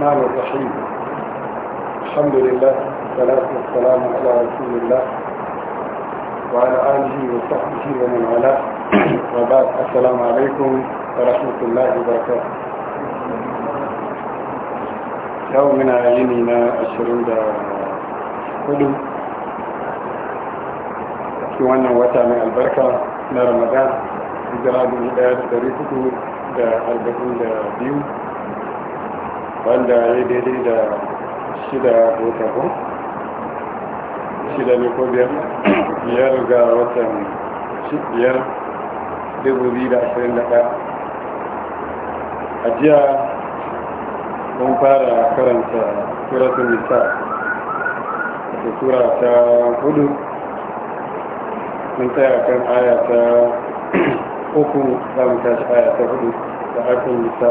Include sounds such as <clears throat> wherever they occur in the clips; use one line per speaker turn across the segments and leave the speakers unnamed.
الرحمن الرحيم الحمد لله والصلاة والسلام على رسول الله وعلى آله وصحبه ومن والاه وبعد السلام عليكم ورحمة الله وبركاته يومنا يومنا الشرود كله في وانا وتا البركة من رمضان في من الآيات الدريسة da wanda ya daidai da shida ko tako shida ne ko biyar biyar ga watan biyar dubu biyu da ashirin da ɗaya a jiya mun fara karanta suratun nisa da sura ta hudu mun tsaya kan aya ta uku za mu tashi aya ta hudu da aikin nisa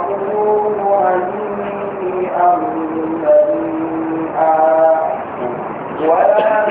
ولا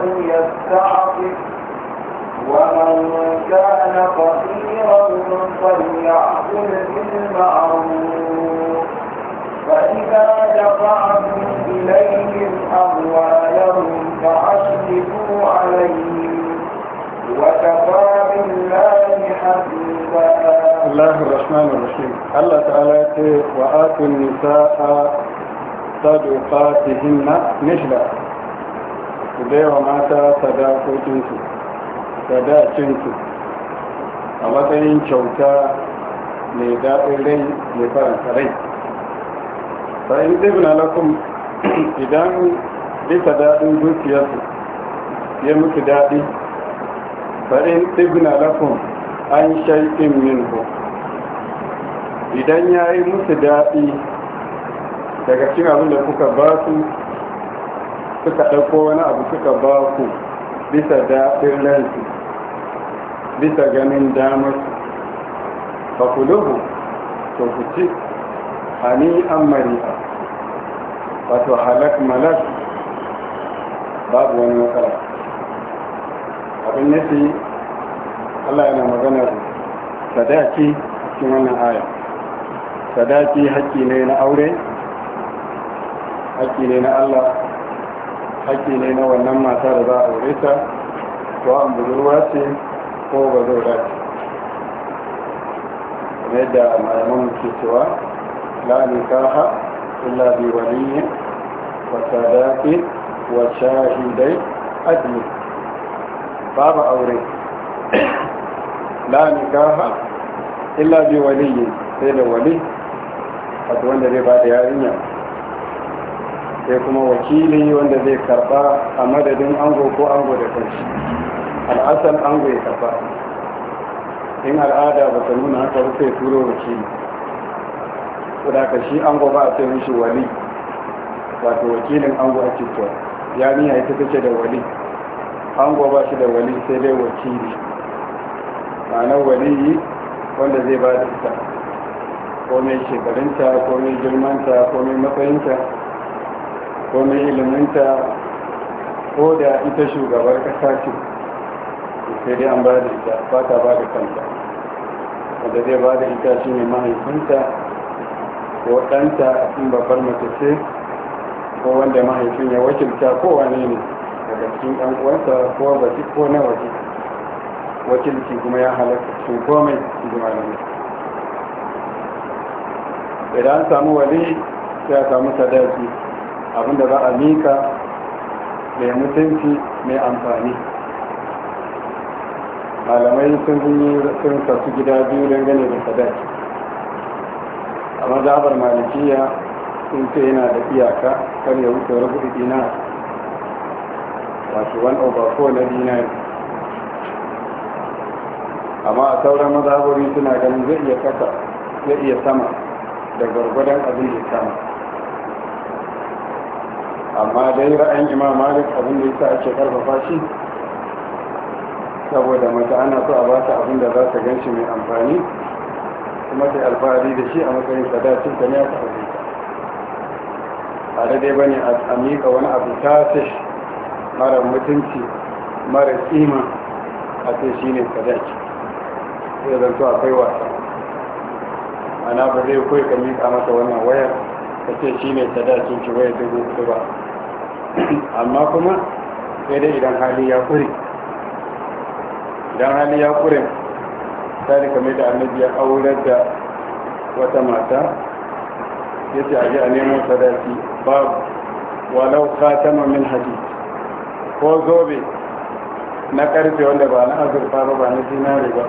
فلم يستعطف ومن كان فقيرا فليأكل بالمعروف فإذا دفعتم إليهم أموالهم فأشركوا عليهم وكفى بالله حسيبا
الله الرحمن الرحيم الله تعالى وآتوا النساء صدقاتهن نجلا baiwa mata sadakokinsu sadacinsu a matsayin kyauta mai daɗin rai mai faranta rai fa'in ɗibna lakum <clears throat> idan bisa daɗin zuciyarsu ya muku daɗi fa'in ɗibna lakum an shaikin minhu idan ya yi musu daɗi daga cin abin da kuka ba su suka ɗauko wani abu suka ba ku bisa daɗin lansu bisa ganin damar su ba ku lubu to ku ci hani an mari'a wato halak malak babu wani matsala abin nufi allah yana maganar sadaki cikin wannan aya sadaki haƙƙi ne na aure haƙƙi ne na allah haƙƙi ne na wannan mata da za a aure ta ko an budurwa ce ko ba zaura ce kamar yadda malaman ke cewa la nikaha illa bi waliyyin wa sadaqin wa shahidai adli babu aure la nikaha illa bi waliyyin sai da wali wato wanda zai ba da yarinya sai kuma wakili wanda zai karba a madadin ango ko ango da kanshi al'asar ango ya karba in al'ada ba ta nuna haka ba sai turo wakili da shi ango ba a sai mishi wali wato wakilin ango a cewa ya niya ita take da wali ango ba shi da wali sai dai wakili ma'anar wali wanda zai ba da ita ko mai shekarunta ko mai girmanta ko mai matsayinta komai iliminta ko da ita shugabar kasa ce sai dai an ba da ita ba ta ba da kanta wanda zai ba da ita shi ne mahaifinta ko ɗanta in babbar mace ce ko wanda mahaifin ya wakilta ko wane ne daga cikin ɗan uwansa ko baki ko na waje wakilci kuma ya halatta cikin komai cikin malamai idan an samu wali sai a samu sadaki abinda za a mika mai mutunci mai amfani malamai sun yi sun kasu gida biyu don gane da sadaki a mazabar malikiya sun ce yana da iyaka kan ya wuce rubu dina wasu one na amma a sauran mazhabori suna ganin zai iya kasa zai iya sama da gwargwadon abin da ya kama amma dai ra'ayin imam malik abin da yasa ake karfafa shi saboda mata ana so a bata abin da za ta gan shi mai amfani kuma ta alfahari da shi a matsayin sadacin da ne a tafi tare dai bane a mika wani abu ta ce mara mutunci mara kima a ce shi ne sadaki sai zanto akwai wasa ana ba zai kawai ka mika masa wannan wayar ka ce shi ne sadakin ki waya dubu uku ba amma kuma sai dai idan hali ya kure idan hali ya kure misali kamar da annabi ya aurar da wata mata ya ce a ji a nemo sadaki babu walau khatama min hadi ko zobe na karfe wanda ba na azurfa ba ba na zinare ba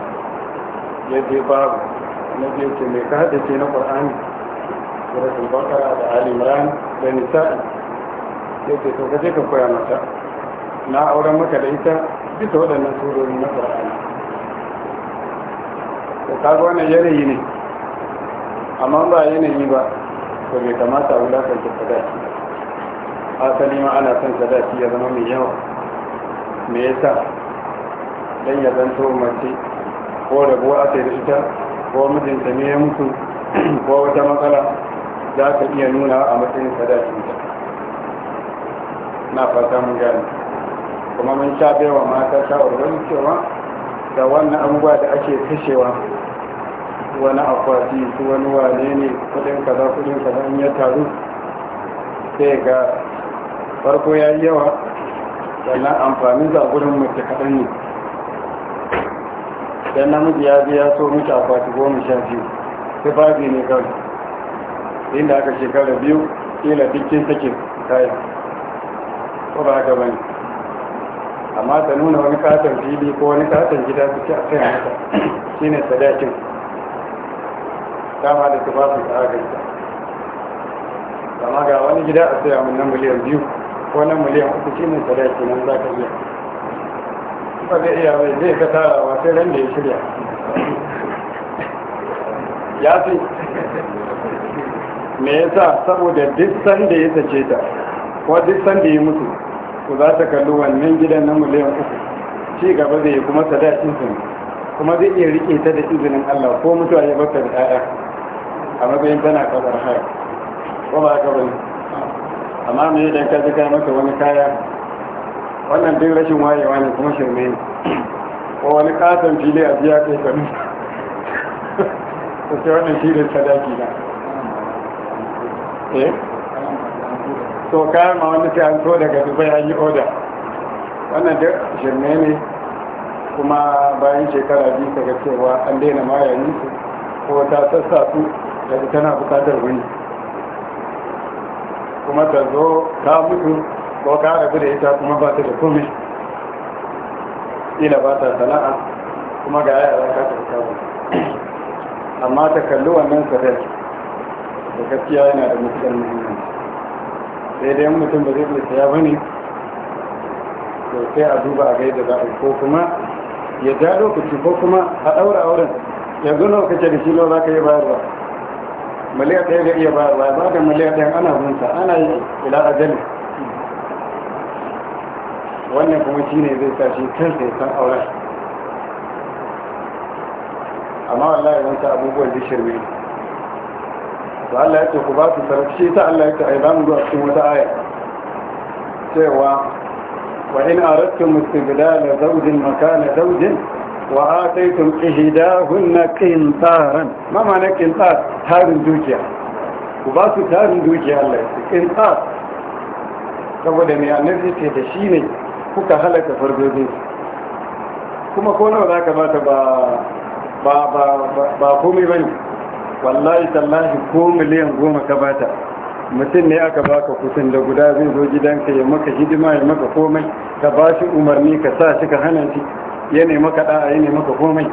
ya je babu na je ce mai ka ce na ƙwar'ani da rasul bakara da alimran da nisa'i sai ce to kaje ka koya mata na auren maka da ita bisa waɗannan surori na ƙwararri ta kaga wannan yanayi ne amma ba yanayi ba to bai kamata a wulakanta sadaki asali ma ana son shi ya zama mai yawa me yasa dan ya zanto mace ko rabuwa aka yi da ita ko mijinta ne ya mutu <clears throat> ko wata matsala za ka iya nuna a matsayin ta na fata mun gani kuma mun sha wa mata wurin cewa da wannan abubuwa da ake kashewa wani akwati su wani wane ne kudin kaza kudin kaza in ya taru sai ga farko ya yi yawa sannan amfanin za gurin mace kaɗan ne dan namiji ya biya so mita akwati goma sha biyu fafi ne kawai inda aka shekara biyu ila dukkin sakin kayan ko ba haka bane amma ta nuna wani katon fili ko wani katon gida su ci a kai mata shine sadakin dama da su ta aka amma ga wani gida a saya a nan miliyan biyu ko nan miliyan uku shine sadakin nan za ka iya ba zai iya mai zai ka tara wa sai ran da ya shirya ya fi me yasa saboda duk sanda ya sace ta ko duk sanda ya mutu ku za ta kalli wannan gidan na miliyan uku ci gaba zai yi kuma sada izini kuma zai iya rike ta da izinin Allah ko mutuwa ya baka da ƴaƴa a matsayin tana kabar haya ko ba ka bane amma me idan ka ji kai maka wani kaya wannan duk rashin wayewa ne kuma shirme ne ko wani katon fili a biya kai kanu <laughs> to sai wannan shirin sadaki na eh to kayan ma wani sai an so daga dubai an yi oda wannan da shirme ne kuma bayan shekara biyu ta ga cewa an daina ma yayi su ko ta sassa su da na bukatar wani kuma ta zo ta mutu ko ka rabu da ita kuma ba ta da komai ila ba ta sana'a kuma ga yaya za ka ta ba amma ta kalli wannan sadar da gaskiya yana da mutuwar muhimmanci sai dai mutum ba zai iya saya ba ne to sai a duba a gaida za a yi ko kuma ya ja lokaci ko kuma a ɗaura auren yanzu ka ce da shi nawa za ka yi bayarwa miliyan ɗaya ga iya bayarwa ba da miliyan ɗaya ana hunta ana yi ila ajali wannan kuma shi ne zai sa shi kansa ya san auren amma wallahi wanta abubuwan da shirme ne to Allah ya ce ku ba su shi ta Allah ya ce ai mu zo a cikin wata aya cewa wa in aratu istibdala zawjin makana zawjin wa ataytum ihdahunna qintaran ma ma'ana qintar tarin dukiya ku ba su tarin dukiya Allah ya ce qintar saboda me annabi ce da shi ne kuka halaka fargobin kuma ko nawa zaka ka ba ba ba ba komai bane wallahi tallahi ko miliyan goma ka bata mutum ne aka baka kusan da guda zai zo gidanka ya maka hidima ya maka komai ka ba shi umarni ka sa shi ka hana shi ya ne maka da'a ya ne maka komai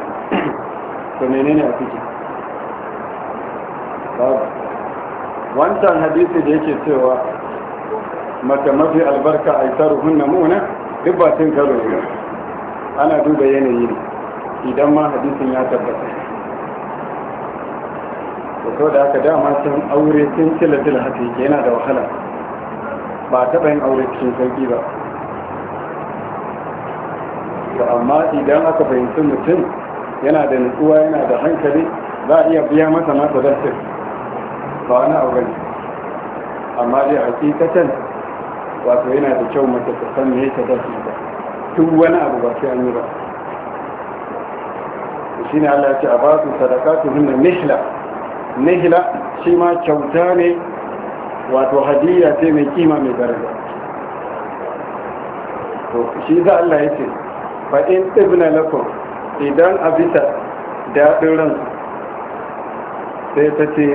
<coughs> to menene a ciki wancan hadisi da yake cewa mata mafi albarka a isar hunna muna duk ba karo ne ana duba yanayi ne idan ma hadisin ya tabbata da so da aka dama sun aure sun cila haka yake yana da wahala ba taɓa yin aure cikin sauƙi ba to amma idan aka fahimci mutum yana da nutsuwa yana da hankali za a iya biya masa masa dasir ba wani aure amma dai hakikatan wato yana da kyau mace ta san me ta dace ba duk wani abu ba sai an yi ba ne Allah ya ce a ba su su hunna mishla nihila shi ma kyauta ne wato hadiyya ce mai kima mai daraja to shi za Allah ya ce fa in ibna lakum idan a bisa daɗin ran sai ta ce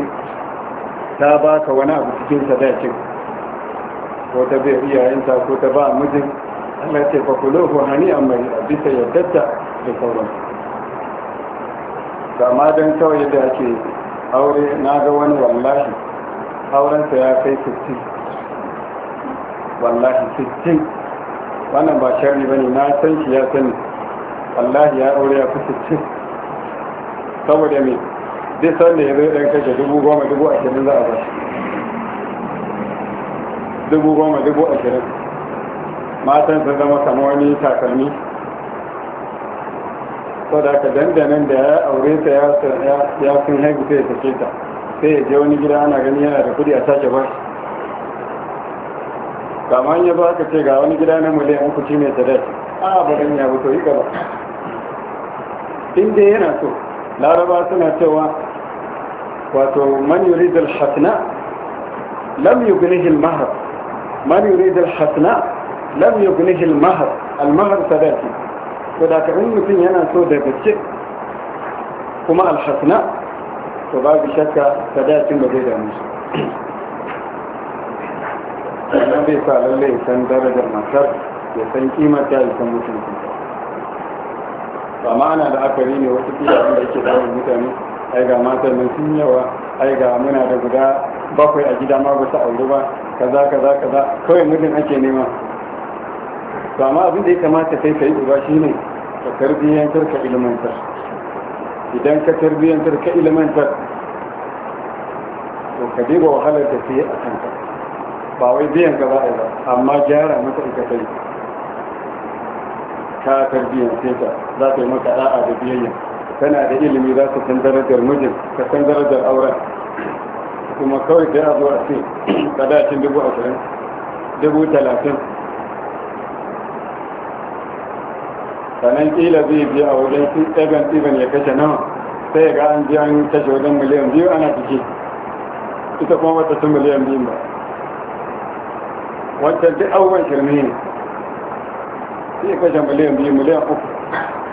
ta baka wani abu cikin sadakin ko ta bai iyayenta ko ta ba mijin Allah ya ce fakulohu hani a mai bisa yadda da sauran kama don kawai da ake aure na ga wani wallahi aurensa ya kai sittin, wallahi sittin wannan ba shari ba ne na san shi ya sani wallahi ya aure ya fi sittin, saboda mai duk sanda ya zai ɗan kashe dubu goma dubu ashirin za a ba shi dubu goma dubu ashirin matan sun zama kamar wani takalmi saboda haka dandanan da ya aure ta ya sun haihu sai ya sake ta sai ya je wani gida ana gani yana da kudi a sake ba shi kamar ya ba ka ce ga wani gida na mulai an kuci mai sadar a ba barin ya buto yi gaba inda yana so laraba suna cewa wato man yurid al-hasna lam yughnihi al-mahr man yurid al-hasna lam yughnihi al-mahr al-mahr sadaki to da in mutum yana so da gaske kuma alhasna to babu shakka sadakin ba zai damu shi na bai sa lalle san darajar matar ya san kimar ta ya san mutunci ba ma'ana da akari ne wasu kila wanda yake damun mutane ai ga matar mai sun yawa ai ga muna da guda bakwai a gida ma ba su aure ba kaza kaza kaza kawai mutum ake nema to amma abin da ya kamata kai ka yi uba shi ne ka tarbiyyantar ka ilimantar idan ka tarbiyyantar ka ilimantar to ka diba wahalar da ta a kanka ba wai biyan gaba a ba amma gyara mata ka ta yi ka tarbiyyance ta za ta yi maka da'a da biyayya tana da ilimi za ta san darajar mijin ka san darajar auren kuma kawai da ya zo a ce <clears throat> kadashin dubu ashirin dubu talatin sannan kila zai biya a wajen ɗagan ɗiban ya kashe nawa sai ga an biya an kashe wajen miliyan biyu ana ciki ita kuma wata ta miliyan biyu ba wata duk abubuwan shirme ne sai kashe miliyan biyu miliyan uku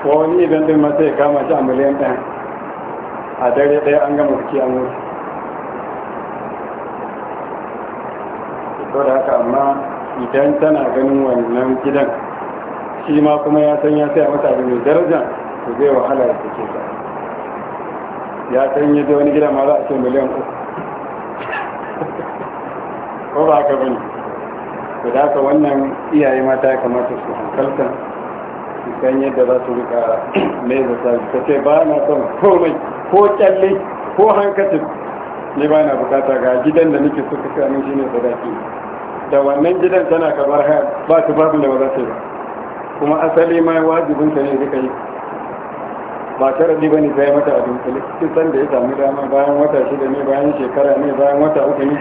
ko wani idan ɗin ma sai kama shi a miliyan ɗaya a dare ɗaya an gama a an wuce saboda haka amma idan tana ganin wannan gidan shi ma kuma ya san ya saya mata abin mai daraja to zai wahala ya sake ta ya san ya je wani gida ma za a ce miliyan uku ko ba ka bane to da haka wannan iyaye mata ya kamata su hankalta su san yadda za su rika mai zata ta ce ba na son komai ko kyalle ko hankacin ne ba na bukata ga gidan da nake suka kanin shi ne sadaki da wannan gidan tana kamar haya ba su babu da ba za su yi ba kuma asali ma wajibin ta ne duka yi ba ba bane sai mata a dunkule kisan da ya sami dama bayan wata shida ne bayan shekara ne bayan wata uku ne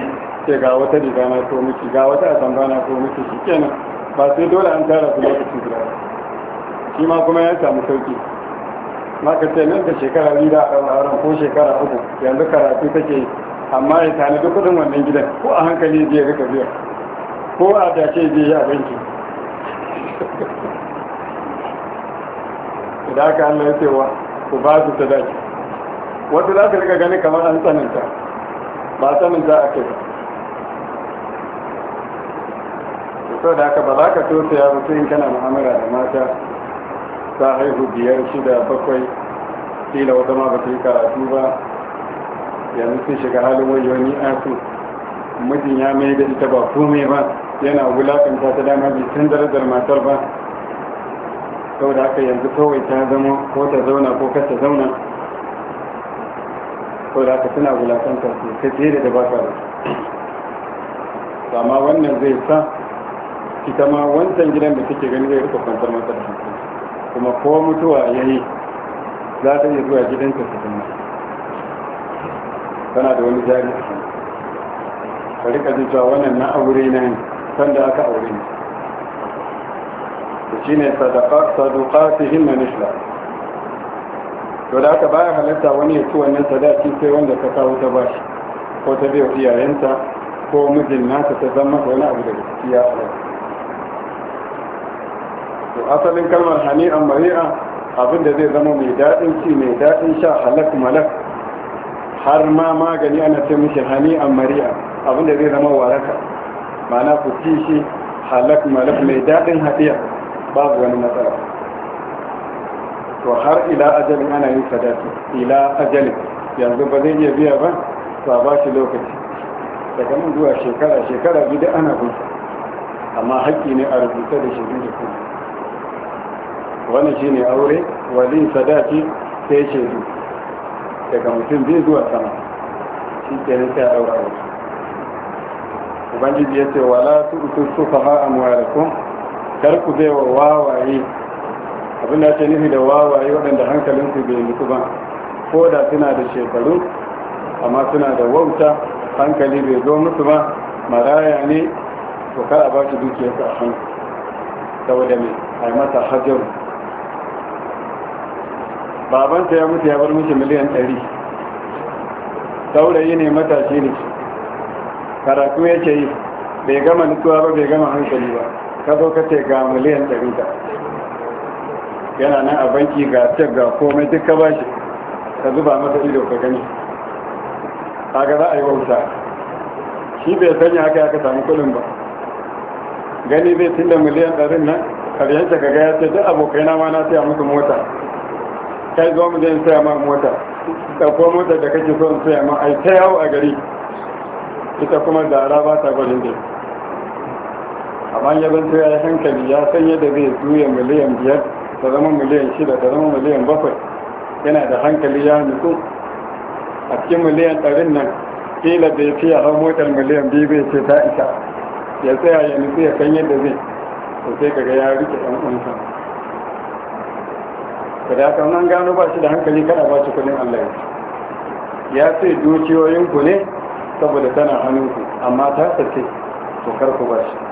ce ga wata riga na so miki ga wata asamba na so miki kenan ba sai dole an tara su lokaci guda shi ma kuma ya samu sauki ka ce nan da shekara biyu da a auren ko shekara uku yanzu karatu take yi amma ya tanadi kudin wannan gidan ko a hankali zai rika biya ko a dace zai yi a banki da aka Allah ya wa ku ba su sadaki wasu za ka rika gani kamar an tsananta ba tsananta a kai sau da aka ba za ka tosa ya mutu in kana mu'amala da mata ta haihu biyar shida bakwai kila wata ma ba ta yi karatu ba yanzu sun shiga halin a su mijin ya mai da ita ba kome ba yana wulakanta ta dama bai san darajar matar ba saboda haka yanzu kawai ta zama ko ta zauna ko kasta zauna da haka suna wulakanta su ta fiye da ba sa da amma wannan zai sa ita ma wancan gidan da take gani zai rufe kwantar masa da kuma ko mutuwa ya yi za ta iya zuwa gidanta su kuma tana da wani jari ka rika jin cewa wannan na aure na ne sanda aka aure ne shine sadaqatihim nishla to da aka baya halitta wani ya ci wannan sadaki sai wanda ka kawo ta bashi ko ta biyo iyayenta ko mijin nata ta zama wani abu da gaskiya to asalin kalmar hani'an mari'a abin da zai zama mai daɗin ci mai daɗin sha halak malak har ma magani ana ce mishi hani'an mari'a abin da zai zama waraka ma'ana ku ci shi halak malak mai daɗin haɗiya babu wani matsala to har ila ajalin ana yin sadaki ila ajalin yanzu ba zai iya biya ba to ba shi lokaci daga nan zuwa shekara shekara bi da ana bin amma haƙƙi ne a rubuta da shi da kuma wannan shine aure Wali sadaki sai du. daga mutum bi zuwa sama shi nan sai a aure ubangiji ya ce wala tu'tu sufaha amwalakum karku ku wa wawaye abinda ce nufi da wawaye waɗanda hankalinsu bai nufi ba ko da suna da shekaru amma suna da wauta hankali bai zo musu ba maraya ne to kar a ba shi su a hannu saboda mai a yi hajjaru babanta ya mutu ya bar mishi miliyan ɗari saurayi ne matashi ne karatu ya ce yi bai gama nutsuwa ba bai gama hankali ba ka zo ka ce ga miliyan ɗari da yana nan a banki ga cek ga komai duk ka bashi ka zuba masa ido ka gani a ga za a yi wauta shi bai sanya haka ya ka samu kulin ba gani zai da miliyan ɗarin nan karyanta ka gaya ce duk abokai na ma na siya musu mota kai zo mu je siya ma mota ɗauko mota da kake so in saya ma ai ta yawo a gari ita kuma da ba ta da dai amma ya zanto ya yi hankali ya san yadda zai juya miliyan biyar da zama miliyan shida da zama miliyan bakwai yana da hankali ya nutsu a cikin miliyan ɗarin nan kila da ya fiye har motar miliyan biyu bai ce ta isa ya tsaya ya nutsu ya san yadda zai to sai kaga ya rike ɗan unsa ka da haka nan gano ba shi da hankali kana ba shi kuɗin allah ya ce dukiyoyinku ne saboda tana hannunku amma ta sace to kar ku ba shi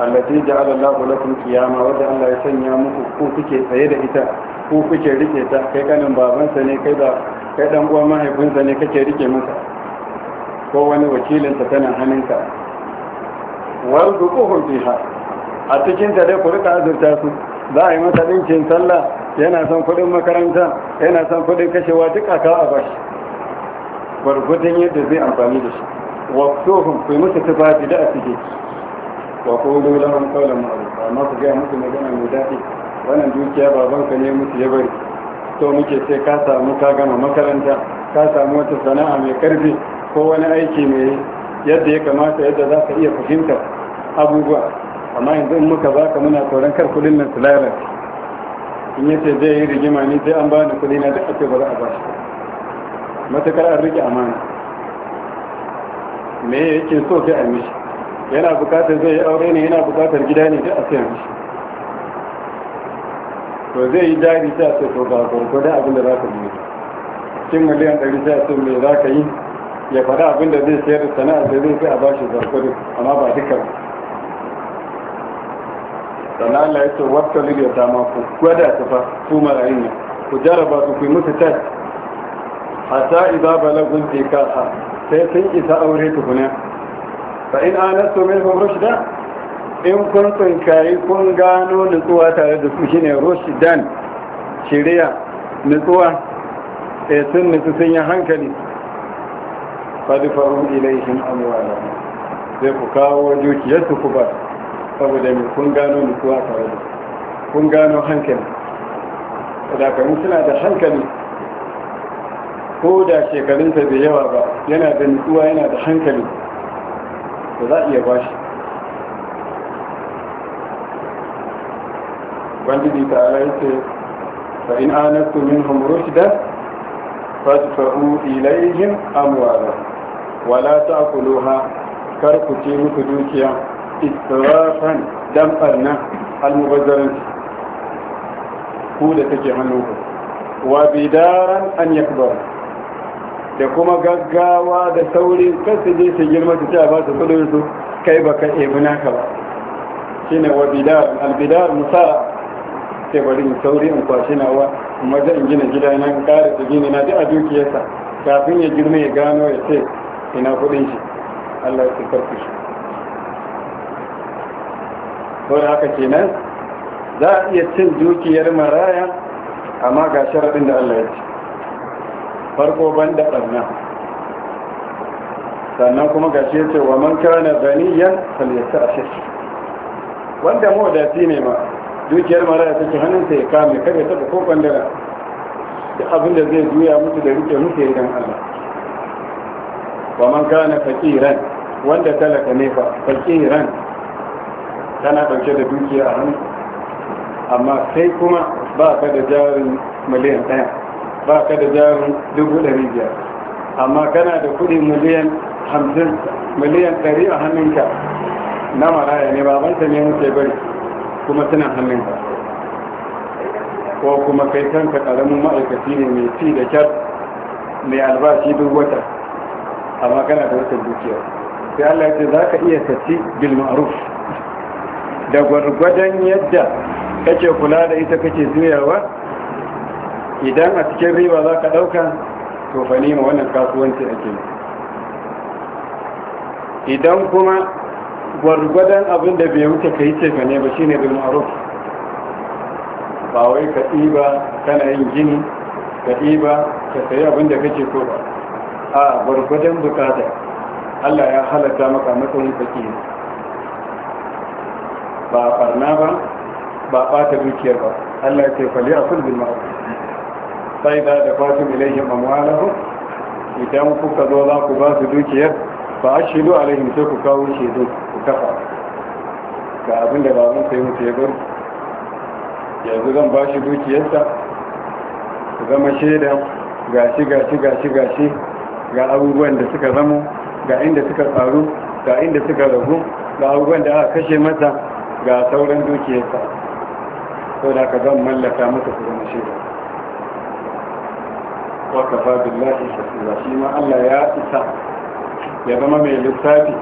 allati ja'ala Allahu lakum qiyama da Allah ya sanya muku ku kuke tsaye da ita ku kuke rike ta kai kanin babansa ne kai da kai dan mahaifin mahaifinsa ne kake rike masa ko wani wakilinsa tana hannunka wal dukuhu biha a cikin ta dai ku rika azurta su za a yi masa ɗinkin sallah yana son kuɗin makaranta yana son kuɗin kashewa duk a kawo a bashi gwargwadon yadda zai amfani da shi waksohun ku yi musu tufafi da a cikin. wa qulu lahum qawlan ma'rufa amma ku ga musu magana mai daɗi wannan dukiya babanka ne musu ya bari to muke sai ka samu ka makaranta ka samu wata sana'a mai karfi ko wani aiki mai yadda ya kamata yadda za ka iya fahimtar abubuwa amma yanzu in muka baka muna tsoron kar kudin na su lalace in yace zai yi rigima ne sai an bani kudi na duk ake ba za a ba shi an rike amana me yake so sai a yana bukatar zai aure ne yana bukatar gida ne da a sayan shi to zai yi jari ta ce to ga gwargwada abin da za ka yi cin miliyan ɗari ta ce me za ka yi ya faɗa abin da zai sayar da sana'a da zai fi a bashi gwargwado amma ba duka ba sannan Allah ya ce wata ta ma ku gwada ta fa ku marayin ne ku jaraba su ku yi musu tas sa'i idza balagun a. sai sun isa aure tukuna fa'in anastu minhum rushda in kun tsinkari kun gano nutsuwa tare da su shine rushdan shiriya nutsuwa sai sun nutsu sun yi hankali fadifaru ilaihin amwala sai ku kawo dukiyarsu ku ba saboda mai kun gano nutsuwa tare da kun gano hankali sadakamu suna da hankali ko da shekarunsa da yawa ba yana da nutsuwa yana da hankali to za a iya ba shi ubangiji ta ala yace fa in anastu minhum rushdan fadfa'u ilayhim amwala wala ta'kuluha kar ku ce musu dukiya israfan dan barna almubazzaran ku da take hannu wa bidaran an yakbar da kuma gaggawa da sauri kan su je su girma su cewa ba su kudu su kai ba ka ebi naka ba shi ne wa bidar albidar musa ke bari in sauri in kwashi nawa kuma zan in gina gida na ƙara su gini na ji a dukiyarsa kafin ya girma ya gano ya ce ina kudin shi allah ya karfi shi ko da haka kenan za a iya cin dukiyar maraya amma ga sharaɗin da allah ya ce farko banda barna sannan kuma shi yace wa man kana ganiyan falyasta'fif wanda mu ti ne ma dukiyar maraya take sai ya kame kada ya taba kokon da abin da zai juya mutu da rike muke ya Allah wa man kana fakiran wanda talaka ne fa fakiran tana dauke da dukiya a hannu amma sai kuma ba ka da jarin miliyan ɗaya ba ka da jarin dubu ɗari biyar amma kana da kuɗi miliyan hamsin miliyan ɗari a hannunka na maraya ne ba babanta ne muke bari kuma suna hannunka ko kuma kai kanka ƙaramin ma'aikaci ne mai ci da kyar mai albashi duk wata amma kana da wata dukiya sai Allah ya ce za ka iya sassi bil ma'ruf da gwargwadon yadda kake kula da ita kake juyawa idan a cikin riba za ka ɗauka to fa ma wannan kasuwanci ake idan kuma gwargwadon abin da bai wuce ka yi cefane ba shi ne bin maruf ba wai ka ɗiba kana yin gini ka ɗiba ka sayi abin da kake ko ba a gwargwadon bukata allah ya halatta maka matsayin tsaki ba farna ba ba ɓata dukiyar ba allah ya ce fali a sulbin maruf sai da da fasu ilaihim amwalahu idan kuka zo za ku ba su dukiyar fa ashidu alaihim sai ku kawo shaidu ku kafa ga abin da mun sai mutu ya bar yanzu zan ba shi dukiyarsa ku zama shaida gashi gashi gashi gashi ga abubuwan da suka zamo ga inda suka tsaru ga inda suka rabu ga abubuwan da aka kashe masa ga sauran dukiyarsa sau da ka zan mallaka masa ku zama shaida wa kafa billahi shakira shi ma Allah ya isa ya zama mai lissafi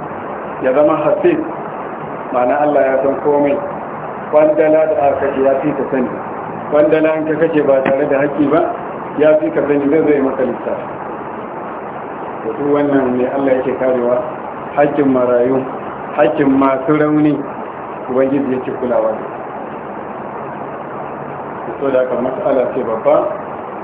ya zama hasid ma'ana Allah ya san komai kwandala da aka ce ya fi ka sani kwandala an ka kashe ba tare da haƙƙi ba ya fi ka sani zai zai maka lissafi da su wannan ne Allah yake karewa haƙƙin marayu haƙƙin masu rauni ubangiji yake kulawa da so da aka mas'ala ce babba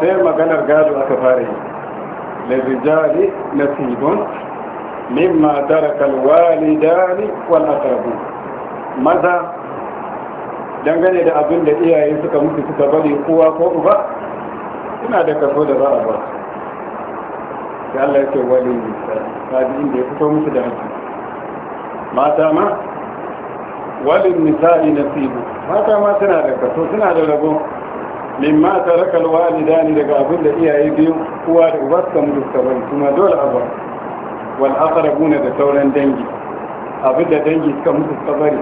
sai maganar gado aka fara yi للرجال نصيب مما ترك الوالدان والأقربون dangane da abin da iyaye suka mutu suka bari kowa ko uba ina da kaso da za a ba sai Allah ya ce wali misali da ya fito musu da haƙƙi mata ma walin na nasibu mata ma suna da kaso suna da rabo mimma taraka ne daga abin da iyaye biyu Kuwa da uba suka mutu suka bari kuma dole a bar wal aqrabuna da sauran dangi abin da dangi suka mutu suka bari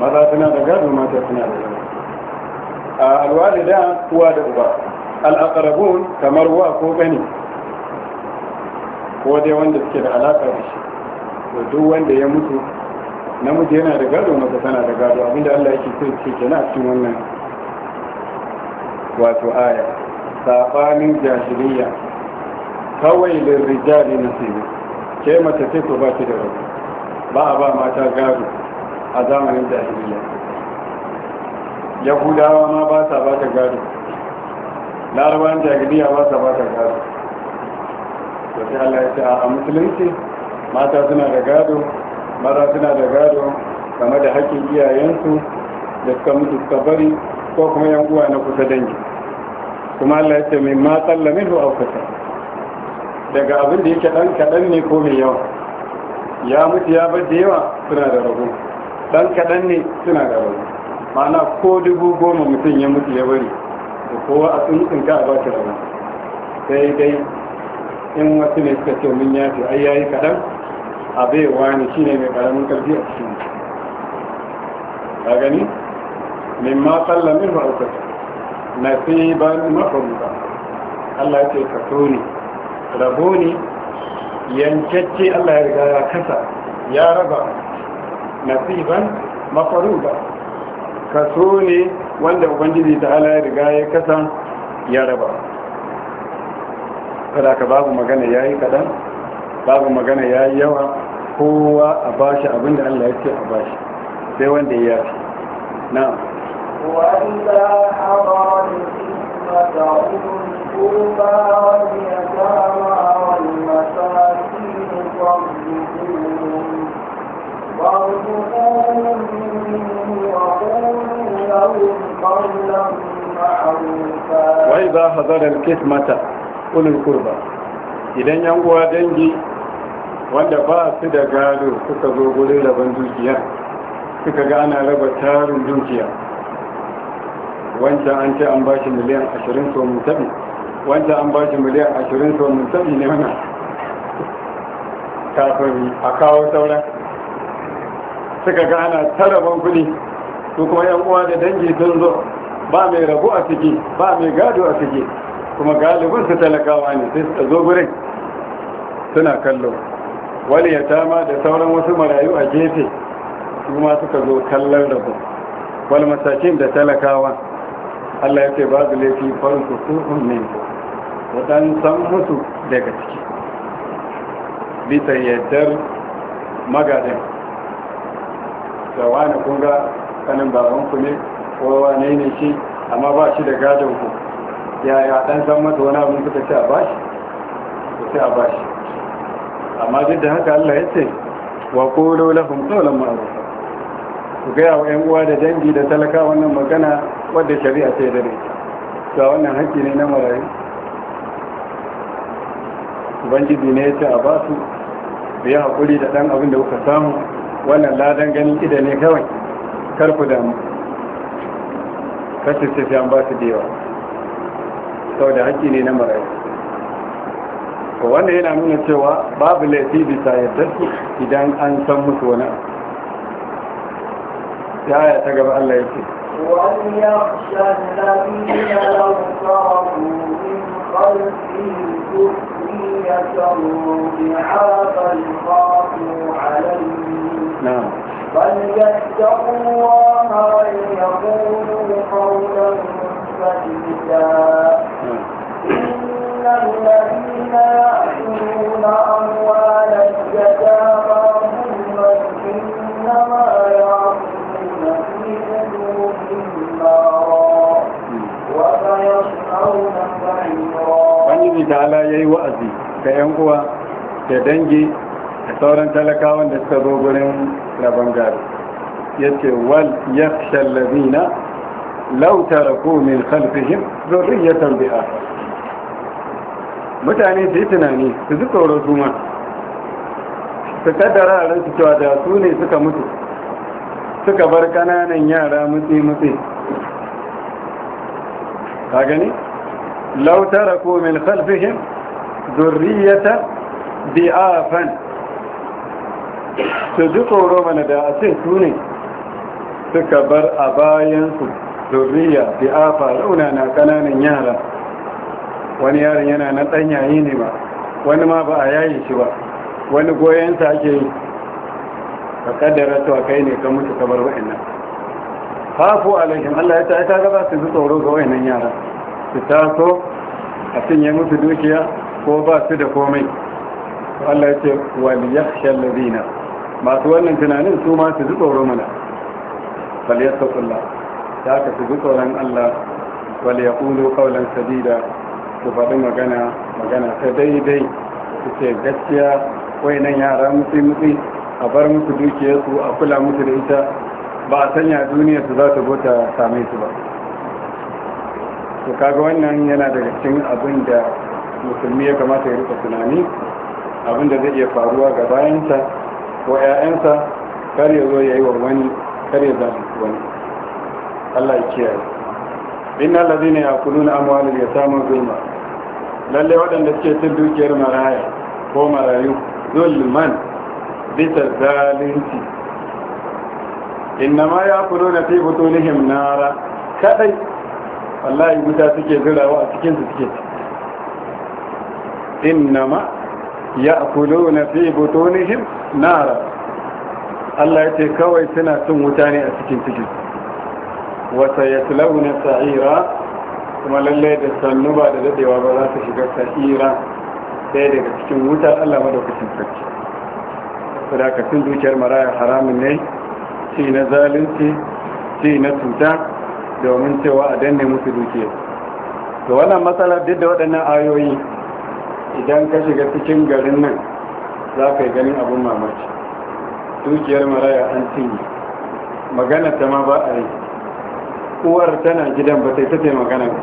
maza suna da gado mata suna da gado a alwalida kuwa da uba al aqrabun kamar wa ko gani ko dai wanda suke da alaka da shi to duk wanda ya mutu namiji yana da gado mata tana da gado abinda Allah yake so ce kenan a cikin wannan wato aya sabanin jahiliya kawai da rijali sai ke mace ce ko ba ki da rabu ba a ba mata gado a zamanin jahiliya yahudawa ma ba sa ba ta gado larabawan jahiliya ba sa ba ta gado to Allah ya ce a musulunci mata suna da gado Mara suna da gado game da haƙƙin iyayensu da suka mutu suka bari ko kuma yan uwa na kusa dangi kuma Allah ya ce min ma tsalla min ruwa kusa daga abin da yake ɗan kaɗan ne ko mai yawa ya mutu ya bar da yawa suna da rabo ɗan kaɗan ne suna da rabo ma'ana ko dubu goma mutum ya mutu ya bari da kowa a tsuntsun ka a baki rabo sai dai in wasu ne suka ce mun yafi ai yayi kaɗan Abe wani shine mai karamin karfi a cikin ka gani min ma kalla min ba'ukata na sai ba ni mafaruka Allah ce ka ne rabo ne yankacce Allah ya riga ya kasa ya raba nasiban mafaruka ka so ne wanda ubangiji ta ala ya riga ya kasa ya raba kada ka babu magana ya yi kaɗan babu magana ya yi yawa kowa a bashi abinda Allah ya ce a bashi sai wanda ya fi na wa idza hadara al-kitmata qul al-qurba idan yan uwa dangi wanda ba su da gado suka zo gudun rabon dukiya suka ga ana raba tarin dukiya wancan an ce an ba shi miliyan ashirin so mun tabi wanda an ba shi miliyan ashirin so mun tabi ne mana kafin a kawo sauran suka ga ana taraban kuɗi su kuma yan uwa da dangi sun zo ba mai rabu a ciki ba mai gado a ciki kuma galibin su talakawa ne sai su zo gurin suna kallo wani ya tama da sauran wasu marayu a gefe su ma suka zo kallon rabu wani masakin da talakawa allah ya ce ba su laifi farin su sun ne ɗan san musu daga ciki bisa yardar magadin da wani kunga kanin babanku ne ko wane ne shi amma ba shi da gajonku ku yaya ɗan san masu wani abin suka ce a bashi? ku ce a bashi amma duk da haka Allah ya ce wa qulu lahum qawlan ma'rufa ku gaya wa 'yan uwa da dangi da talaka wannan magana wadda shari'a ce da ne ga wannan haƙƙi ne na marayu ubangiji ne ya ce a ba su ya haƙuri da ɗan abin da kuka samu wannan ladan ganin ida ne kawai kar ku damu kashi sai an ba su da yawa sau da haƙƙi ne na marayu to wanda yana nuna cewa babu laifi bisa yadda su idan an san musu wani ya aya ta gaba Allah ya ce
وليخشى الذين لو تركوا قولا سديدا إن الذين
ta'ala ya yi wa'azi ga 'yan uwa da dangi da sauran talakawan da suka zo gurin rabon gari ya ce wal ya shallabina lautara ko min khalfihim zurriyatar bi'a mutane su yi tunani su ji wurin su ma su kaddara a ransu cewa da su ne suka mutu suka bar kananan yara mutse-mutse ka gani lautara ko min khalfihim zurriyata bi'afan su ji tsoro mana da a ce su ne suka bar a bayansu zurriya launa na kananan yara wani yaron yana na ɗan yayi ne ba wani ma ba a yayi shi ba wani goyonsa ake yi ka kaddara cewa kai ne ka mutu ka bar wa'annan hafu alaihim Allah ya ta ga ba su ji tsoro ga wa'annan yara su taso a ya mutu dukiya ko ba su da komai Allah ya ce wal yakhsha alladhina masu wannan tunanin su ma su ji tsoro mana bal yattaqullah ta ka su ji tsoron Allah wal yaqulu qawlan sadida su faɗi magana magana ta daidai su ce gaskiya nan yara mutsi mutsi a bar musu su a kula musu da ita ba a sanya duniya su za ta go ta same su ba to kaga wannan yana daga cikin abin da musulmi ya kamata ya rika tunani abin da zai iya faruwa ga bayansa ko 'ya'yansa kar ya zo ya yi wa wani kar ya zama wani Allah ya kiyaye إن الذين يأكلون أموال اليتامى lalle waɗanda suke cin dukiyar maraya ko marayu zulman bisa zalunci innama ya kulo na fi butunihim nara kadai wallahi wuta suke zirawa a cikin su suke innama ya kulo na fi butunihim nara Allah ya ce kawai suna cin wuta ne a cikin cikin wasa ya tilau na sa'ira kuma lallai da sannu ba da dadewa ba za su shiga tsira sai daga cikin wutar allah madaukakin sarki sadakatun dukiyar maraya haramun ne ci na zalunci ci na tuta, domin cewa a danne musu dukiyar da wannan matsalar duk da waɗannan ayoyi idan ka shiga cikin garin nan za ka yi ganin abin mamaci. dukiyar maraya an cinye magana ta ma ba a yi uwar tana gidan ba ta tafi magana ba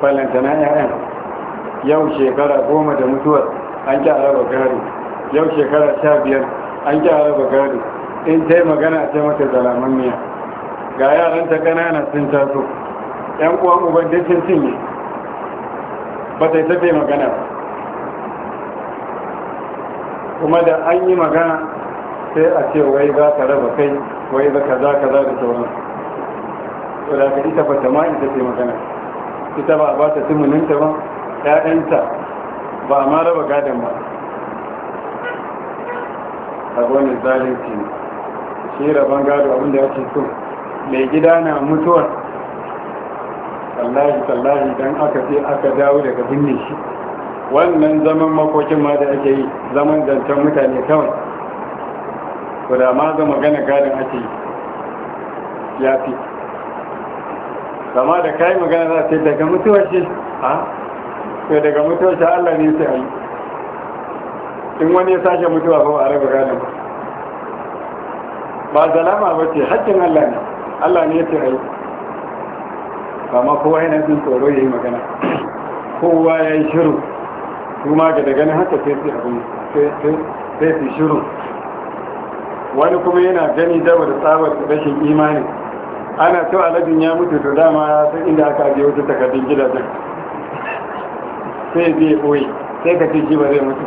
falantana yayan yau shekara goma da mutuwar an ki araba gado yau shekara sha biyar an ki araba gado in ta yi magana ta ce mata zalaman miya ga yaran ta kanana sun taso yan uwan uban da sun cinye ba ta tafi magana ba kuma da an yi magana sai a ce wai za ka raba kai wai za ka za ka za da sauransu saboda ka ita ba ta ma ita ce magana ita ba a ba ta tumuninta ba ƴaƴanta ba ma raba gadon ba a wani zalunci ne shi raban gado abinda ya ce so mai gida na mutuwar tallahi tallahi don aka ce aka dawo daga binne shi wannan zaman makokin ma da ake yi zaman zancen mutane kawai kuda ma ga magana gadon ake yi ya fi kama da kayi magana za yi daga mutuwarci shi a daga mutuwarci shi Allah ne sai ayi in wani ya sashe mutuwa ba a raba gane ba ba zalama ba ce haƙƙin Allah ne Allah ne ya ce ayi ba ma kowa yana jin tsoro ya yi magana kowa ya yi shiru kuma ga daga nan haka sai su abin sai su shiru wani kuma yana gani dabar tsabar rashin imani ana so aladun ya mutu to dama ya san inda aka ajiye wata takardun gidajen sai zai ɓoye sai ka ce ba zai mutu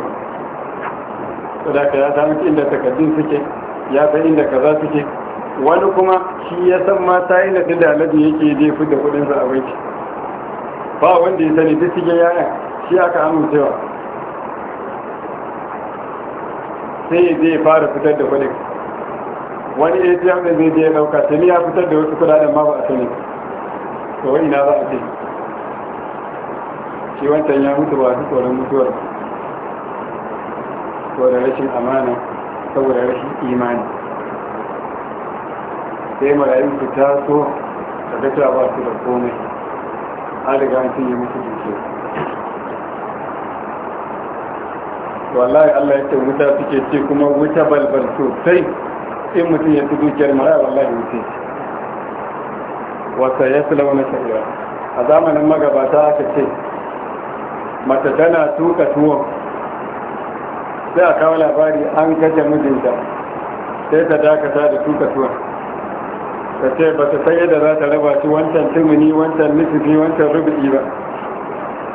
ba da ka ya samu inda takardun suke ya san inda kaza suke wani kuma shi ya san mata inda ta da aladun yake zai fi da kudinsa a wanki ba wanda ya sani duk cikin yaya shi aka amincewa sai zai fara fitar da kudin wani atm da zai je ya dauka ta ya fitar da wasu kudaden ma ba a sani to wani na za a ce shi wancan ya mutu ba su tsoron mutuwar da rashin amana saboda rashin imani sai marayun su so da gata ba su da komai a daga an cinye musu dukiya wallahi allah ya ce wuta suke ce kuma wuta balbal sosai in mutum ya fi dukiyar ya wallahi mutum wata ya fi launa shari'a a zamanin magabata aka ce mata tana tuka tuwon sai a kawo labari an kashe mijinta sai ta dakata da tuka tuwon ta ce ba ta san da za ta raba shi wancan tumini wancan nisifi wancan rubuɗi ba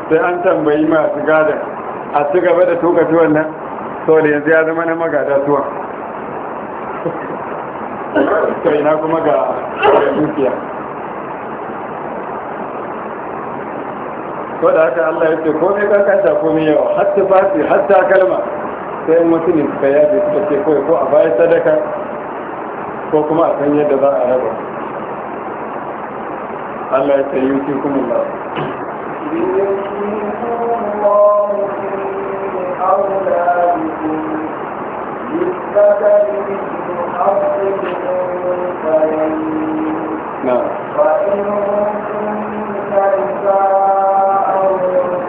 sai an tambayi masu gada a ci gaba da tuka tuwon nan sau da yanzu ya zama na magada tuwon kai na kuma ga dukiya ko da haka Allah ya ce komai kankanta komai yawa hatta fasi hatta kalma sai suka yaje suka ce kawai ko a bayan sadaka ko kuma a san yadda za a raba Allah ya ce kuma Allah
بالحق فلن وإن كنت نساء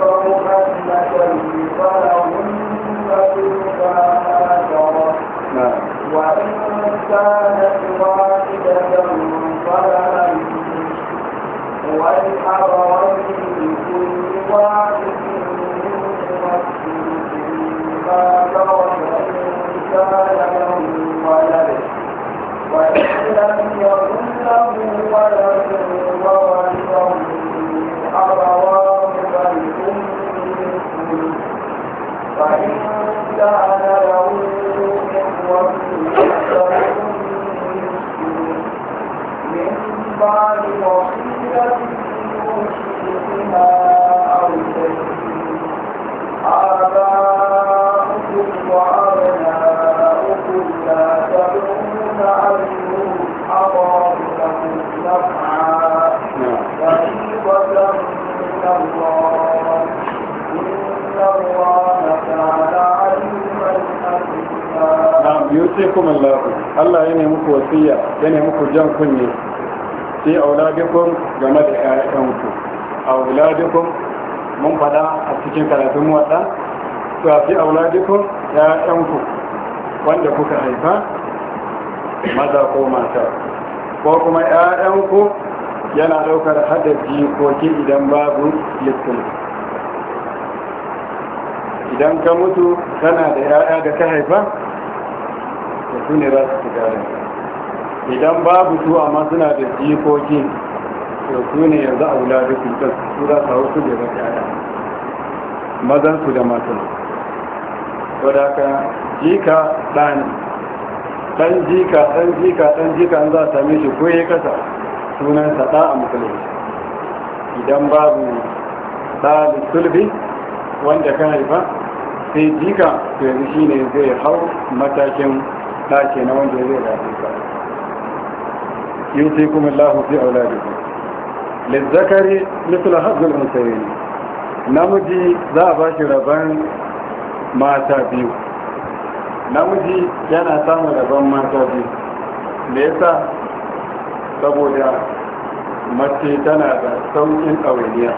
فوق اثنتين فلهن ثلثا ما ترك وإن كانت واحدة فلها النصف والحرمين لكل واحد Yeah.
sai kuma lafi Allah ya muku wasiya ya nemi ku jan kunye sai auladikun game da ƴaƴan ku auladikun mun fada a cikin karatun wada to a fi auladikun ƴaƴan ku wanda kuka haifa maza ko mata ko kuma ƴaƴan ku yana daukar hadar jikoki idan babu littun idan ka mutu kana da ƴaƴa da ka haifa da su ne za su ci idan babu su amma suna da jikoki to su ne yanzu a wula da cutar su za su hausu da zai yada mazan su da matan to da ka jika ɗan ɗan jika ɗan jika ɗan jika an za a same shi ko ya kasa sunan sa ɗa a musulunci idan babu ɗa sulbi wanda ka haifa sai jika to yanzu shine zai hau matakin ɗa ke na wanda ya zai da ka yusi kuma lahu fi auladiku lizzakari misal hazzul unsayin namiji za a bashi rabon mata biyu namiji yana samun rabon mata biyu me yasa saboda mace tana da saukin ɗawainiya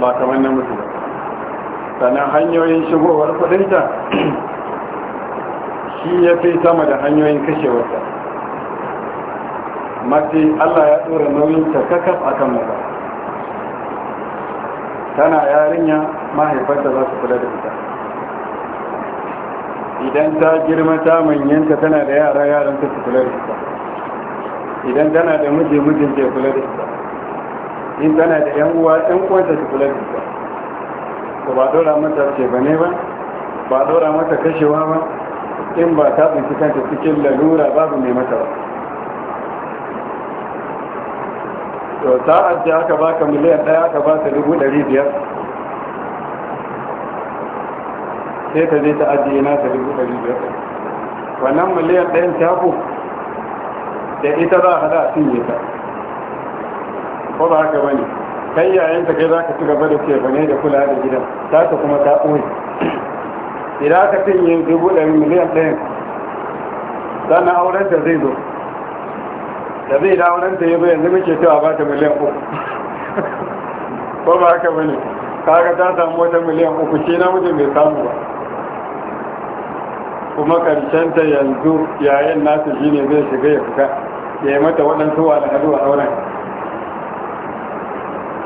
ba kamar namiji ba sannan hanyoyin shigowar kuɗinta. shi ya fi sama da hanyoyin kashewarsa mafi allah ya tsora nauyin takakas a kan maza tana yarinya da za su kula da ita idan ta girma ta manyanta tana da yara ta su kula da ita idan tana da miji mijin ke kula da ita in tana da yan uwa yan kwanta su kula da ita ba dora mata ce ba ne ba ba dora mata kashewa ba in ba ta tsinci kanta cikin lalura babu mai mata ba to ta ajiye aka ba ka miliyan ɗaya aka ba ta dubu ɗari biyar sai ta je ta ajiye na ta dubu ɗari biyar wannan miliyan ɗayan ta ku? da ita za a hada a cinye ta ko ba haka ba ne kai yayin ta kai za ka ci gaba da ce bane da kula da gidan Ta ta kuma ta ɓoye idan aka yin dubu ɗari miliyan ɗaya sannan auren zai zo da zai da auren ya yazo yanzu muke cewa ba ta miliyan uku ko ba haka bane kaga ta samu wata miliyan uku ce namijin bai samu ba kuma karshen ta yanzu yayin nasu shine zai shiga ya fita ya yi mata waɗansu wahalhalu a auren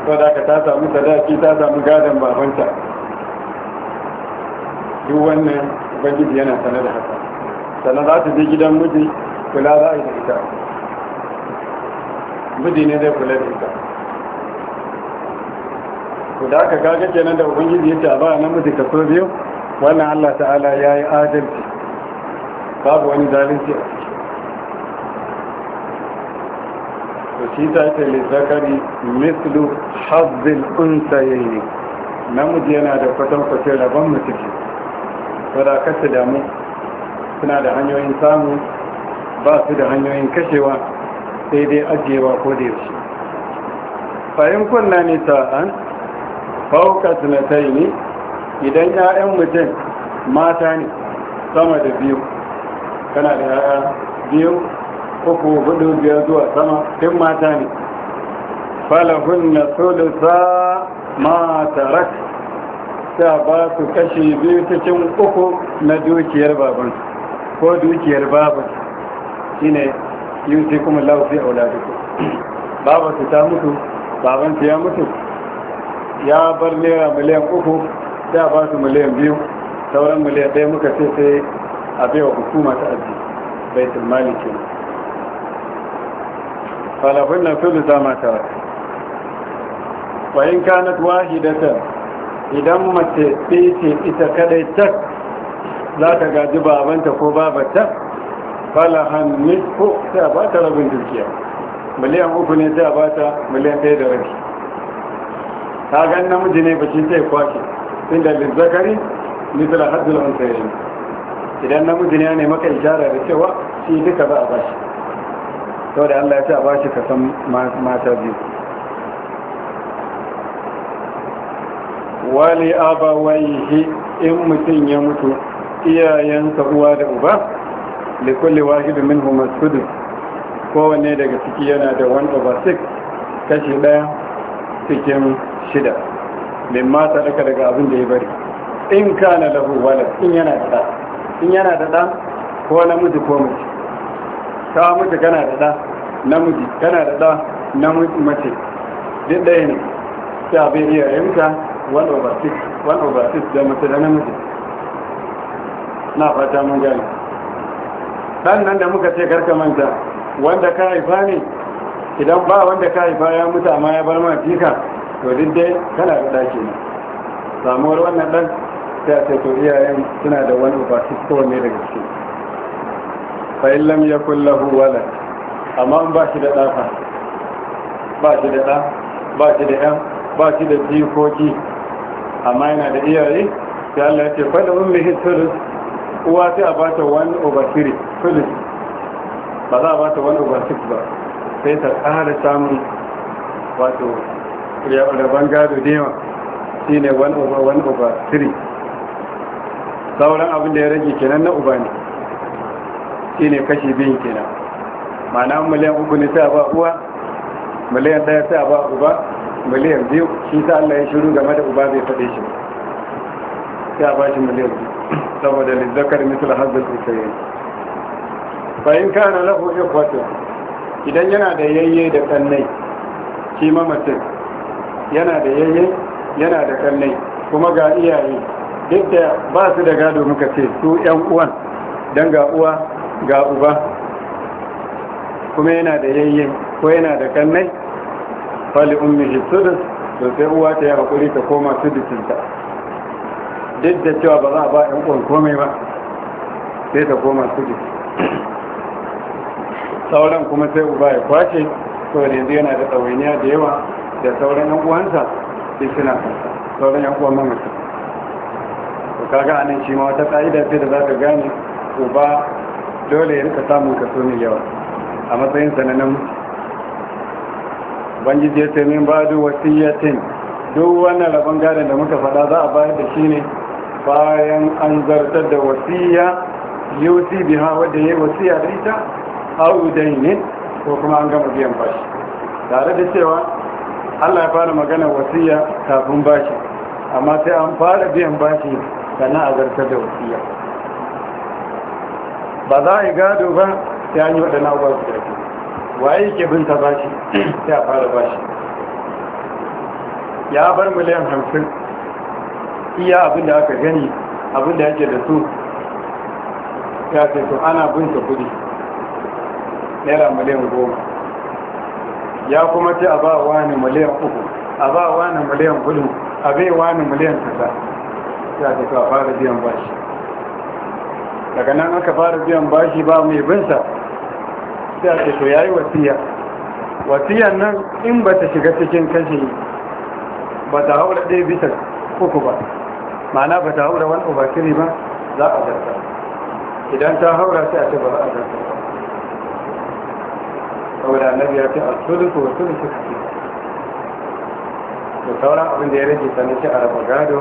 da ka ta samu sadaki ta samu gadon babanta duk wannan ubangiji yana sanar da haka sannan za ta je gidan miji kula za a yi da ita miji ne zai kula da ita ku da aka gaga kenan da ubangiji ya ce a ba na miji kaso biyu wannan allah ta'ala ya yi adalci babu wani zalunci a ciki to shi ta ce lizzakari mislu hazzil unsa yayi namiji yana da kwatankwacin rabon mutum wadda kasta damu suna da hanyoyin samu ba su da hanyoyin kashewa sai dai ajiyewa ko da yaushe fahim kunna ne sa'an fauka sanatai ne idan 'ya'yan mutum mata ne sama da biyu kana da 'ya'ya biyu uku hudu biyar zuwa sama ɗin mata ne falahun na sulusa ma tarakta ta ba su kashe biyu cikin uku na dukiyar baban ko dukiyar babu shine yin sai kuma laufi a wuladuku babu su ta mutu baban su ya mutu ya bar naira miliyan uku ta ba su miliyan biyu sauran miliyan ɗaya muka ce sai a baiwa hukuma ta aji bai mali ke falafin na sulu zama tara wa in kanat wahidatan idan mace ce ita kadai tak za ta gaji babanta ko babata falahan ko sai a bata rabin dukiya miliyan uku ne sai a bata miliyan ɗaya da rabi ta gan namiji ne bakin sai kwaki inda lizzakari nizula haddula wanta ya idan namiji ne ne maka ishara da cewa shi duka za a bashi da allah ya ce a bashi kasan mata biyu wali abawaihi in mutum ya mutu iyayensa uwa da uba da kulle wahidu min ko wanne daga ciki yana da one over six, kashi daya cikin shida Min ta daga daga abin da ya bari in ka na lahu wala in yana da ɗa in yana da ɗa ko namiji ko mace ka mutu kana da ɗa namiji kana da ɗa namiji mace duk ɗaya ne ta bai iyayenka 1 over 6 1 over da mace da namiji na fata mun gani ɗan nan da muka ce karka manta wanda ka haifa ne idan ba wanda ka haifa ya mutu amma ya bar ma fika to duk dai kana da dace ne samuwar wannan dan ta ce to iyayen suna da wani over ko kowanne daga cikin Fa lam ya lahu wala amma ba shi da dafa ba shi da da ba shi da 'yan ba shi da jikoki amma yana da iyaye sai Allah ya ce fada ummihi thuluth uwa sai a bata wani over 3 ba za a bata wani over 6 ba sai ta ƙara samun wato rabon gado da yawa shi ne wani over 1 over 3 sauran abin da ya rage kenan na uba ne shi ne kashi biyun kenan ma'ana miliyan uku ne sai a ba uwa miliyan ɗaya sai a ba uba miliyan biyu shi ta Allah ya shiru game da uba zai faɗe shi ya ba shi miliyan biyu saboda lizzakar misal hazzar usayi bayan kana lahu kwato idan yana da yayye da kannai shi mamacin yana da yayye yana da kannai kuma ga iyaye duk da ba su da gado muka ce su yan uwan don ga uwa ga uba kuma yana da yayye ko yana da kannai fali ummi hisudus to sai uwa ta yi hakuri ta koma sudusinta duk da cewa ba za a ba yan uwan komai ba sai ta koma sudus sauran kuma sai uba ya kwace to yanzu yana da tsawainiya da yawa da sauran yan uwansa sai suna sauran yan uwan mamaci. to kaga anan shi ma wata ka'ida ce da za ka gane uba dole ya rika samun kaso mai yawa a matsayin sananan ubangiji ya ce min badu wasiyatin duk wannan rabon gadon da muka faɗa za a bayar da shi ne bayan an zartar da wasiya yusi biha wadda ya yi wasiya da ita au daini ko kuma an gama biyan bashi tare da cewa Allah ya fara magana wasiya kafin bashi amma sai an fara biyan bashi sannan a zartar da wasiya ba za a yi gado ba sai an yi waɗannan abubuwa su waye yake bin ta bashi sai a fara bashi ya bar miliyan hamsin iya abin da aka gani abin da yake da su ya ce to ana bin ta kudi naira miliyan goma ya kuma ce a ba wani miliyan uku a ba wani miliyan kudu a bai wani miliyan kasa ya ce to a fara biyan bashi daga nan aka fara biyan bashi ba mai binta sai ake ce to yayi wasiya wasiyan nan in ba ta shiga cikin kashi ba ta haura ɗaya bisa uku ba ma'ana ba ta haura wani ubakiri ba za a zarta idan ta haura sai a ce ba za a zarta ba saboda biya ta ce a sulusu wa sulusu kashi da sauran abin da ya rage sanin shi a raba gado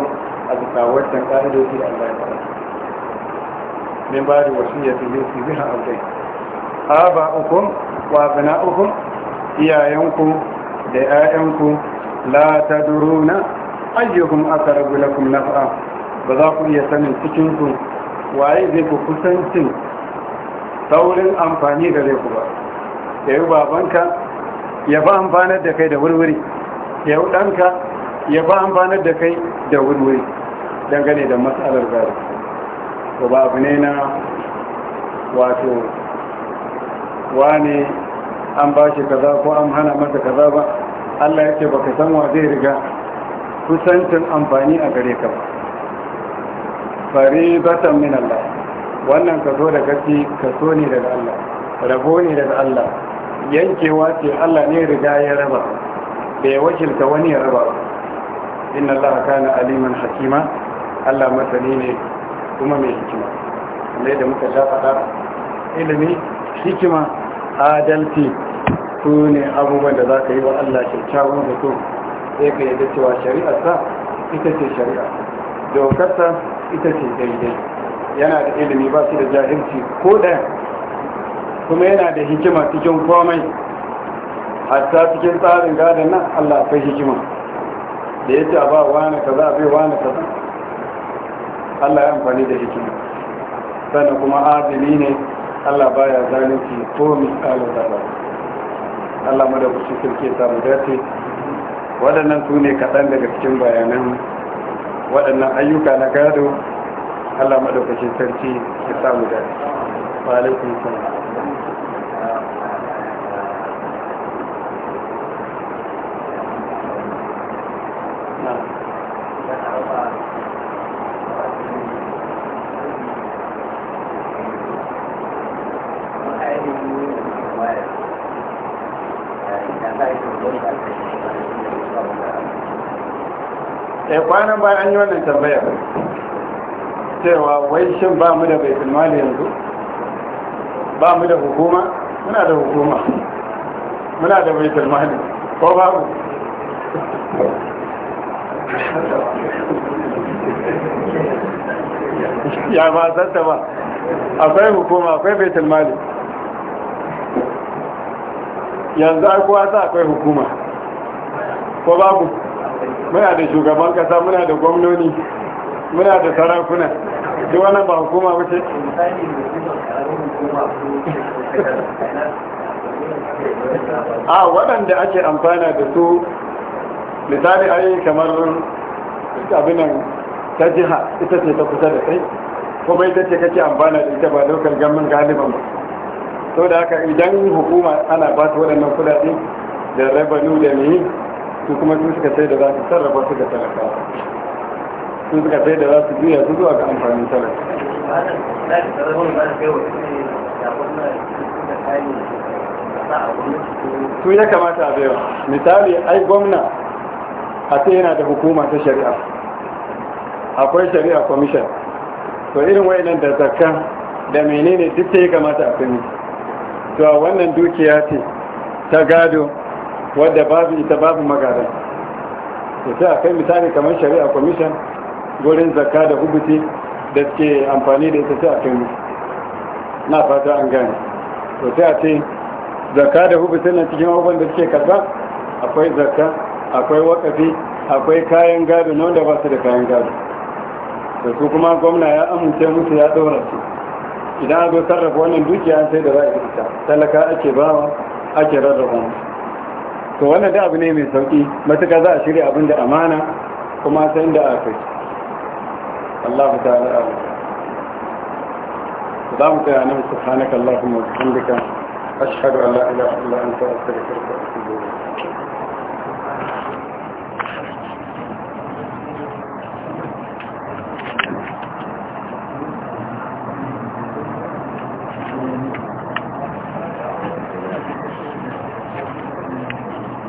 a bisa wancan ƙa'idoji Allah ya fara min ba da wasiyyatu yusi biya a wajen aba'ukum wa abna'ukum iyayenku da 'ya'yanku la tadruna ayyukum aqrabu lakum naf'a ba za ku iya sanin cikin ku waye zai ku kusancin saurin amfani da zai ku ba yayi babanka ya ba amfanar da kai da wurwuri yayi 'danka ya ba amfanar da kai da wurwuri dangane da mas'alar gari ba abu ne na wato wane an ba shi kaza ko an hana masa kaza ba Allah ya ce baka san wa zai riga kusancin amfani a gare ka ba faribatan min Allah wannan kaso da ka kaso ne daga Allah rabo ne daga Allah yankewa ce Allah ne riga ya raba bai wakilta wani ya raba inna Allah kana aliman hakima Allah masani ne kuma mai hikima kamar da muka sha faɗa ilimi hikima adalci su ne abubuwan da za ka yi wa Allah kyakkyawan zato sai ka yadda cewa shari'arsa ita ce shari'a dokarsa ita ce daidai yana da ilimi ba su da jahilci ko ɗaya kuma yana da hikima cikin komai hatta cikin tsarin gadon nan Allah fai hikima da ya ce a ba wani kaza a bai wani kaza Allah ya amfani da hikima sannan kuma adali ne Allah baya zalunci ko misalin ba Allah madabuci sarki ta mu dace waɗannan su ne kaɗan daga cikin bayanan waɗannan ayyuka na gado Allah madabuci sarki ta samu dace wa alaikum salam kwanan bayan an yi wannan tambayar cewa wai shin ba mu da baitul mali yanzu ba mu da hukuma muna da hukuma muna da baitul mali ko ba mu ya ba zanta ba akwai hukuma akwai baitul mali yanzu ai kowa akwai hukuma ko babu muna da shugaban kasa muna da gwamnoni muna da sarakuna duk wannan ba hukuma ba ce a <laughs> ah, waɗanda ake amfana da su misali ayi kamar abinan ta jiha ita ce ta kusa da kai kuma ita ce kake amfana da ita ba daukar gamin galiban ba sau da haka idan hukuma ana ba su waɗannan kudade da rabanu da ne su kuma su suka sai da za su sarrafa su ga talakawa su suka sai da za su juya su zuwa ga amfanin talaka
su ya kamata a baiwa
misali ai gwamna a ce yana da hukuma ta shari'a akwai shari'a commission to irin wayannan da zakka da menene duk sai ya kamata a kai to wannan dukiya ce ta gado wadda babu ita babu magada da sai akai misali kamar shari'a commission gurin zakka da hubuti da suke amfani da ita sai a kai musu na fata an gane to sai a ce zakka da hubuti na cikin abubuwan da suke karba akwai zakka akwai wakafi akwai kayan gado na wanda ba su da kayan gado da su kuma gwamna ya amince musu ya ɗora su idan a zo sarrafa wannan dukiya sai da za a ita talaka ake bawa ake rarraba musu to wannan da abu ne mai sauki matuka za a shirya abin da amana kuma san da aka yi Allah ta ala ala za mu tsaya nan subhanaka Allahumma wa bihamdika ashhadu Allah la ilaha an anta da wa atubu ilayk